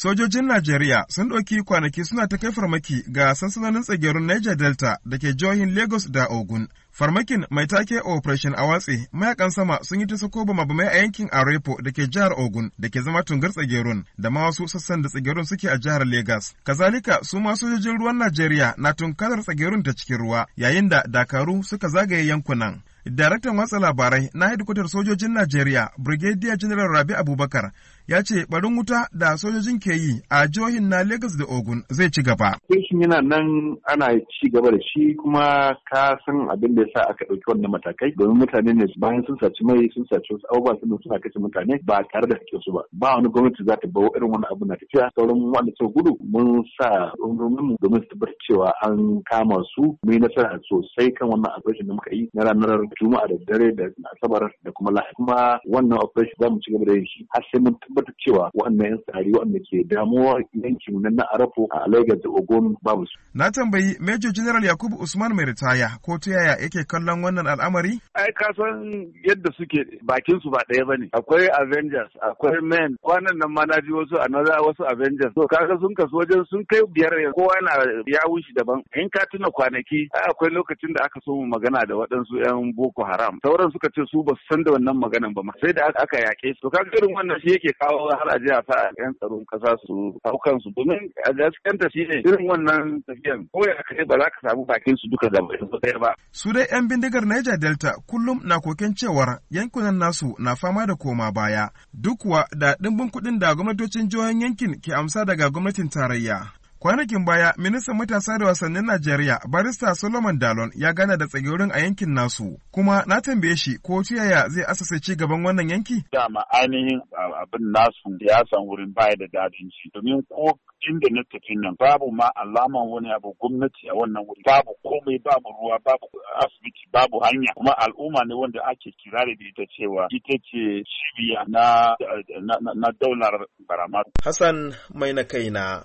Sojojin Najeriya sun ɗauki kwanaki suna ta kai farmaki ga sansanonin tsagerun Niger Delta da ke jihohin Lagos da Ogun. Farmakin mai take Operation Awatse mayakan sama sun yi ta sako mabamai a yankin Arepo da ke jihar Ogun da ke zama tungar tsagerun da ma wasu sassan da tsagerun suke a jihar Lagos. Kazalika su ma sojojin ruwan Najeriya na tunkarar tsagerun ta cikin ruwa yayin da dakaru suka zagaye yankunan. Daraktan watsa labarai na hedikwatar sojojin Najeriya Brigadier General Rabi Abubakar ya ce barin wuta da sojojin ke yi a jihohin na Legas da Ogun zai ci gaba. Station yana nan ana ci gaba da shi kuma ka san abin da yasa aka ɗauki wannan matakai domin mutane ne bayan sun saci mai sun saci wasu abubuwa sun suna kashe mutane ba tare da hakkin su ba. Ba wani gwamnati za ta bawo irin wani abu na tafiya sauran wanda suka gudu mun sa rundunar mu domin su tabbatar cewa an kama su mu nasara sosai kan wannan operation da muka yi na ranar Juma'a da dare da Asabar da kuma Lahadi. Kuma wannan operation za mu ci gaba da yin shi har sai mun tabbatar cewa waɗannan 'yan tsari waɗanda ke damuwa yankin nan na Arafo a Lagos da Ogun babu su. Na tambayi Major General Yakubu Usman mai ritaya ko ta yaya yake kallon wannan al'amari? Ai ka san yadda suke bakin su ba ɗaya bane. Akwai Avengers, akwai Men, kwanan nan ma na ji wasu another wasu Avengers. To kaga sun kasu wajen sun kai biyar kowa na ya wuce daban. In ka tuna kwanaki akwai lokacin da aka so mu magana da waɗansu 'yan Boko Haram. Sauran suka ce su ba su san da wannan maganan ba ma. Sai da aka yaƙe su. To kaga irin wannan shi yake kawo har a ta a sa yan tsaron kasa su hau kansu domin a gaskiyanta shi ne irin wannan tafiyan ko ya kai ba za ka samu bakin su duka da ɗaya ba. Su dai yan bindigar Niger Delta kullum na koken cewar yankunan nasu na fama da koma baya duk kuwa da ɗimbin kuɗin da gwamnatocin jihohin yankin ke amsa daga gwamnatin tarayya. Kwanakin baya, ministan matasa da wasannin Najeriya, barista Solomon Dalon ya gana da tsagirin a yankin nasu, kuma na tambaye shi ko ta zai asasa ci gaban wannan yanki? Dama ainihin abin nasu siyasan wurin baya da dadin shi, domin ko inda na tafi nan babu ma alaman wani abu gwamnati a wannan wuri babu komai babu ruwa babu asibiti babu hanya kuma al'umma ne wanda ake kirari da ita cewa ita ce cibiya na daular barama. Hassan mai na kaina